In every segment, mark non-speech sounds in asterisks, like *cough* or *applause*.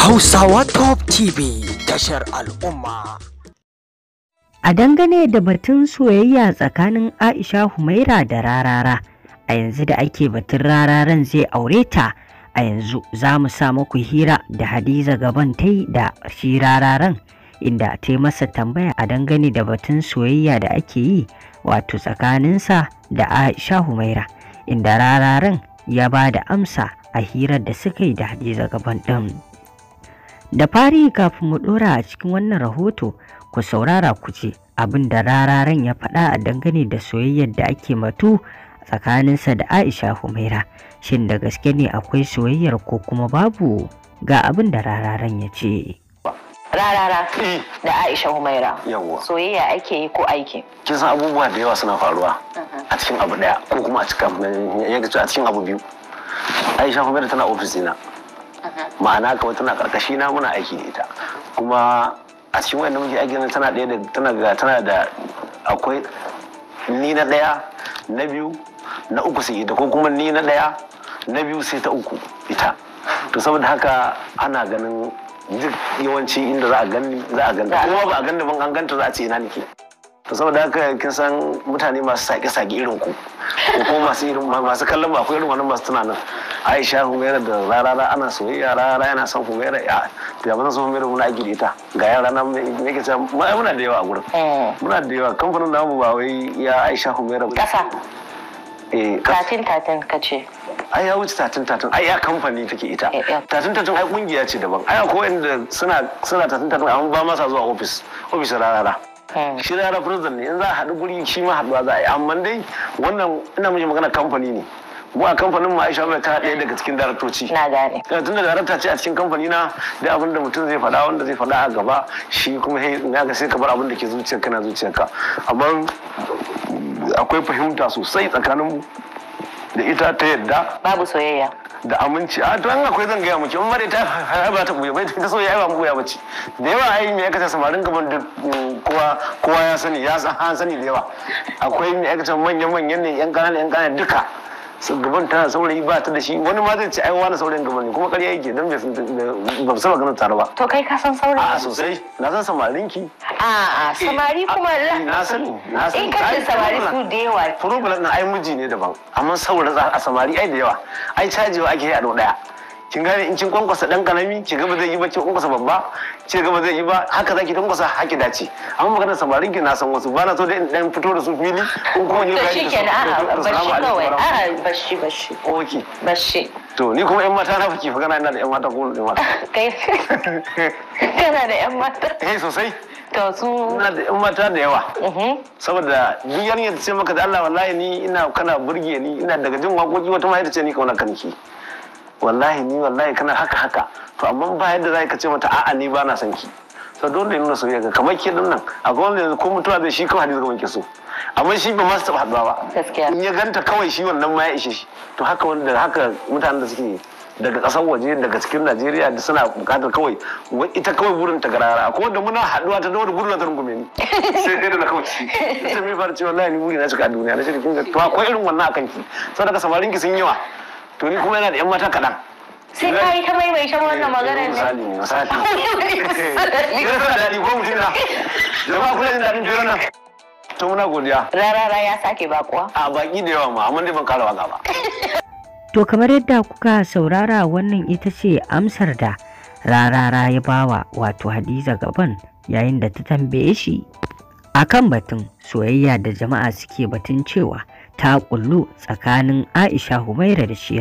Hausawa Top TV tashar al'umma. A dangane da batun soyayya tsakanin Aisha Humaira da Rarara, a yanzu da ake batun Rararan zai aure ta, a yanzu za mu sa muku hira da Hadiza gaban yi da shi Rararan, inda ta masa tambaya a dangane da batun soyayya da ake yi wato tsakaninsa da Aisha Humaira, inda Rararan ya ba da amsa a hirar da suka yi da Hadiza gaban ɗin. Da fari kafin mu ɗora a cikin wannan rahoto ku saurara ku ce abin da rararen ya faɗa a dangane da soyayyar da ake matu tsakaninsa da Aisha Humaira. Shin da gaske ne akwai soyayyar ko kuma babu ga abin da rararen ya ce. Rarara da Aisha Humaira. Soyayya ake yi ko aiki. Kin san abubuwa da yawa suna faruwa uh-huh. a cikin abu daya ko kuma a cikin abu biyu. Aisha Humaira tana ofis dina. ma'ana kamar tana karkashi na muna aiki da ita kuma a cikin wanda muke aiki tana ɗaya da tana da tana da akwai ni na ɗaya na biyu na uku sai ita ko kuma ni na ɗaya na biyu sai ta uku ita to saboda haka ana ganin duk yawanci inda za a gani za a ganta kuma ba a gani ban an ganta za a ce ina nake to saboda haka kin san mutane masu sake-sake irin ku ko kuma masu irin masu kallon ba ko irin wani masu tunanin aisha humaira da rarara ana soyayya rarara yana son humaira ya to ya son humaira muna aiki da ita ga yara na me ke muna da yawa a gurin eh. muna da yawa kamfanin namu ba wai ya aisha humaira kasa eh tatin tatin kace ai ya wuce tatin tatin ai ya kamfani take ita eh, tatin tatin ai kungiya ce daban ai akwai wanda suna suna tatin tatin amma ba ma sa zuwa ofis ofis rarara Eh. shi da represent ne in za a haɗu guri shi ma haɗuwa za a yi amma dai wannan ina mace magana kamfani ne mu a kamfanin mu Aisha mai ta ɗaya daga cikin daraktoci na gane eh, tun da darakta ce a cikin kamfani na da abin da mutum zai faɗa wanda zai faɗa a gaba shi kuma na ga sai ka bar abin da ke zuciyarka na zuciyarka amma akwai fahimta sosai tsakanin mu da ita ta yadda babu soyayya da aminci a ah, don akwai zan gaya miki in mare ta ta buya bai ta so ya yi wa mu buya bace da yawa ai me aikata samarin gaban da mm, kowa kowa ya sani ya san sani da yawa akwai me aikata manyan manyan ne yan kanana yan kanana duka gaban tana saurayi ba ta da shi wani ma zai ce ai wani saurayin gaban ne kuma ƙarya yake don ba su maganar tare ba to kai ka san saurayi a sosai na san samarin ki a a samari eh, kuma eh, na san na san in ka samari su da yawa problem na ai miji ne daban amma saurayi a samari ai da yawa ai cajewa ake yi a do daya kin gane in cin kwankwasa dan karami ki gaba zai yi ba cin kwankwasa babba ki gaba zai yi ba haka zaki kwankwasa haki dace amma magana samarin ki na san wasu ba na so da dan fito da su fili in kuma ne bashi kenan a'a bashi kawai a'a bashi bashi oke bashi to ni kuma yan mata na fiki fa gana ina da yan mata ko da mata *laughs* kai *laughs* kana da yan mata eh sosai to su ina da yan mata da yawa mhm. saboda duk yan ta ce maka da Allah wallahi ni ina kana burge ni ina daga jin wakoki wata mai ita ce ni kauna kanki wallahi ni wallahi kana haka haka to amma ba yadda za ka ce mata a'a ni ba na son ki to dole nuna so ga kamar ke nan a wanda yanzu ko mutuwa zai shi kawai hadisi gaban ke so amma shi ba masu taba haduwa ba in ya ganta kawai shi wannan ma ya ishe shi to haka wanda haka mutanen da suke daga kasar waje daga cikin Najeriya da suna bukatar kawai ita kawai burin ta garara ko da muna haduwa ta da burin ta rungume ni sai dai da na kawai sai mai fara cewa wallahi ni buri na cika a duniya na kinga to akwai irin wannan akan ki saboda samarin ki sun yawa to ni kuma yana da yan mata kaɗan sai ka yi ta maimaitan wannan eh, maganar ne misali misali yana *laughs* eh, da daɗi ko mutum na jama'a kula jin daɗin jiro nan to muna godiya rarara ya sake bakuwa a baki da yawa ma amma dai ban kara waka ba *laughs* to kamar yadda kuka saurara wannan ita ce amsar da rarara ya bawa wato hadiza gaban yayin da ta tambaye shi akan batun soyayya da jama'a suke batun cewa ta kullu tsakanin Aisha Humaira da shi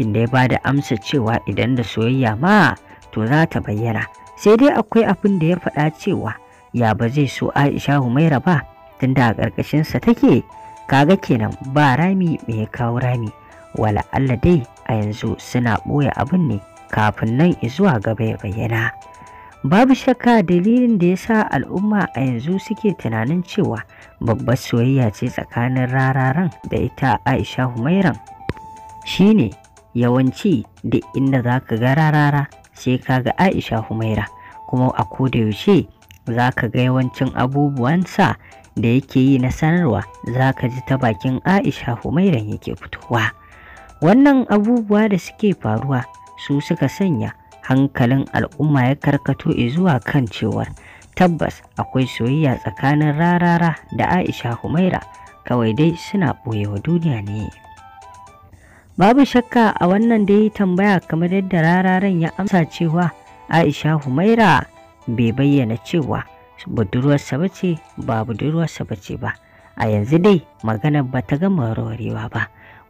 inda ya bada amsa cewa idan da soyayya ma to za ta bayyana sai dai akwai abin da ya faɗa cewa ya ba zai so Aisha Humaira ba tunda a ƙarƙashinsa take kaga kenan ba rami me ya kawo rami wala Allah dai a yanzu suna boye abin ne kafin nan izuwa gaba ya bayyana. Babu shakka dalilin da ya sa al'umma a yanzu suke tunanin cewa babbar soyayya ce tsakanin rararan da ita Aisha Humairan. Shi ne yawanci da inda za ka ga rarara sai ka ga Aisha Humaira kuma a kodayaushe za ka ga yawancin abubuwansa da yake yi na sanarwa za ka ji ta bakin Aisha Humairan yake fitowa. Wannan abubuwa da suke faruwa su suka sanya hankalin al'umma ya karkato zuwa kan cewar tabbas akwai soyayya tsakanin rarara da aisha humaira kawai dai suna ɓoyewa duniya ne babu shakka a wannan da yi tambaya kamar yadda rararen ya amsa cewa aisha humaira bai bayyana cewa budurwarsa ba ce ba budurwarsa ba ce ba a yanzu dai maganar ba ta gama rawarewa ba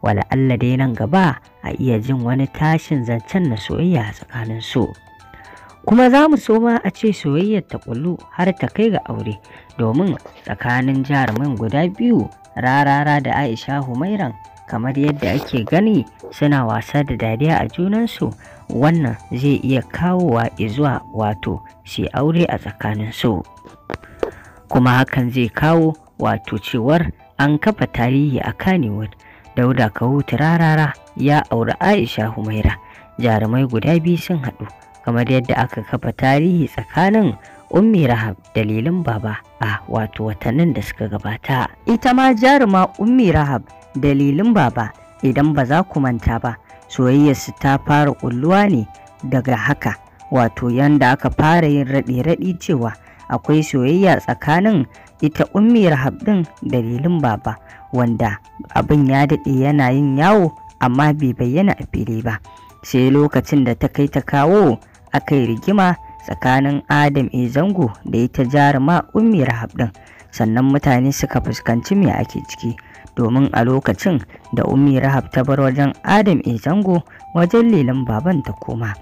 wala Allah dai nan gaba a iya jin wani tashin zancen na soyayya tsakanin su kuma za mu so ma a ce soyayyar ta kullu har ta kai ga aure domin tsakanin jarumin guda biyu rarara da aisha humairan kamar yadda ake gani suna wasa da dariya a junansu wannan zai iya kawowa izuwa wato shi aure a tsakanin su kuma hakan zai kawo wato cewar an kafa tarihi a kanewood dauda kawo turarara ya auri aisha humaira jarumai guda biyu sun haɗu kamar yadda aka kafa tarihi tsakanin ummi rahab dalilin baba a wato watannin da suka gabata ita ma jaruma ummi rahab dalilin baba idan ba za ku manta ba soyayya su ta fara ƙulluwa ne daga haka wato yanda aka fara yin raɗe-raɗi cewa akwai soyayya tsakanin ita ummi rahab ɗin dalilin baba wanda abin ya daɗe yana yin yawo amma bai bayyana a fili ba sai lokacin da ta kai ta kawo aka yi rigima tsakanin adam e zango da ita jaruma ummi rahab ɗin sannan mutane suka fuskanci me ake ciki domin a lokacin da ummi rahab ta bar wajen adam e zango wajen lilin baban ta koma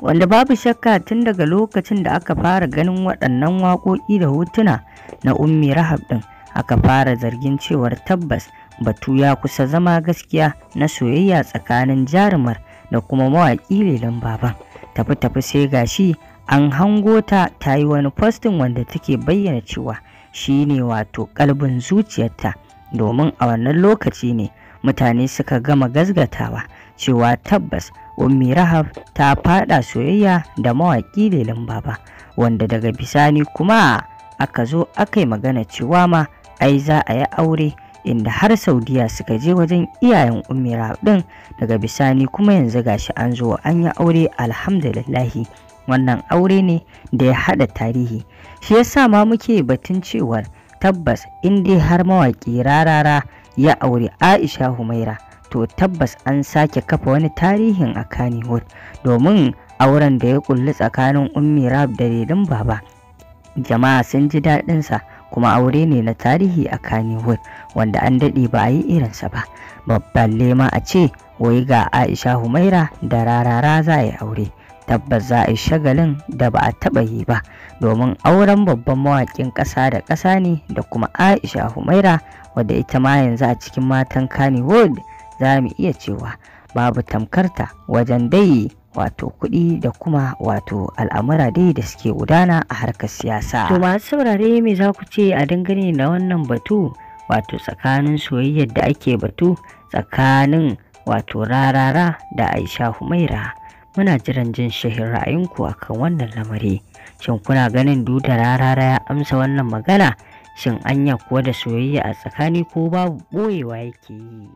wanda babu shakka tun daga lokacin da aka fara ganin waɗannan waƙoƙi da hotuna na ummi rahab ɗin aka fara zargin cewar tabbas batu ya kusa zama gaskiya na soyayya tsakanin jarumar da kuma mawaƙi lelon baban tafi-tafi sai gashi an hango ta ta yi wani postin wanda take bayyana cewa shi ne wato kalbin zuciyarta domin a wannan lokaci ne mutane suka gama gazgatawa cewa tabbas ummi rahab ta fada soyayya da mawaƙi lelon baba wanda daga bisani kuma aka zo aka yi magana cewa ma ai za a yi aure inda har saudiya suka je wajen iyayen umira din daga bisani kuma yanzu ga shi an zo an yi aure alhamdulillahi wannan aure ne da ya hada tarihi shi yasa ma muke batun cewar tabbas in dai har mawaƙi rarara ya aure aisha humaira to tabbas an sake kafa wani tarihin a kanihud domin auren da ya kulli tsakanin ummi rab da redin baba jama'a sun ji daɗinsa kuma aure ne na tarihi a Kannywood wanda an daɗe ba a yi irinsa ba. Babban lema a ce wai ga Aisha Humaira da rarara za a yi aure. Tabbas za a yi shagalin da ba a taɓa yi ba domin auren babban mawaƙin ƙasa da ƙasa ne da kuma Aisha Humaira wadda ita ma yanzu a cikin matan Kannywood za mu iya cewa babu tamkarta wajen dai wato kuɗi da kuma wato al'amura dai da suke gudana a harkar siyasa. To masu saurare me za ku ce a dangane na wannan batu wato tsakanin soyayyar da ake batu tsakanin wato rarara da Aisha Humaira. Muna jiran jin shahin ra'ayinku akan wannan lamari. Shin kuna ganin duda rarara ya amsa wannan magana? Shin anya kuwa da soyayya a tsakani ko babu ɓoyewa yake yi?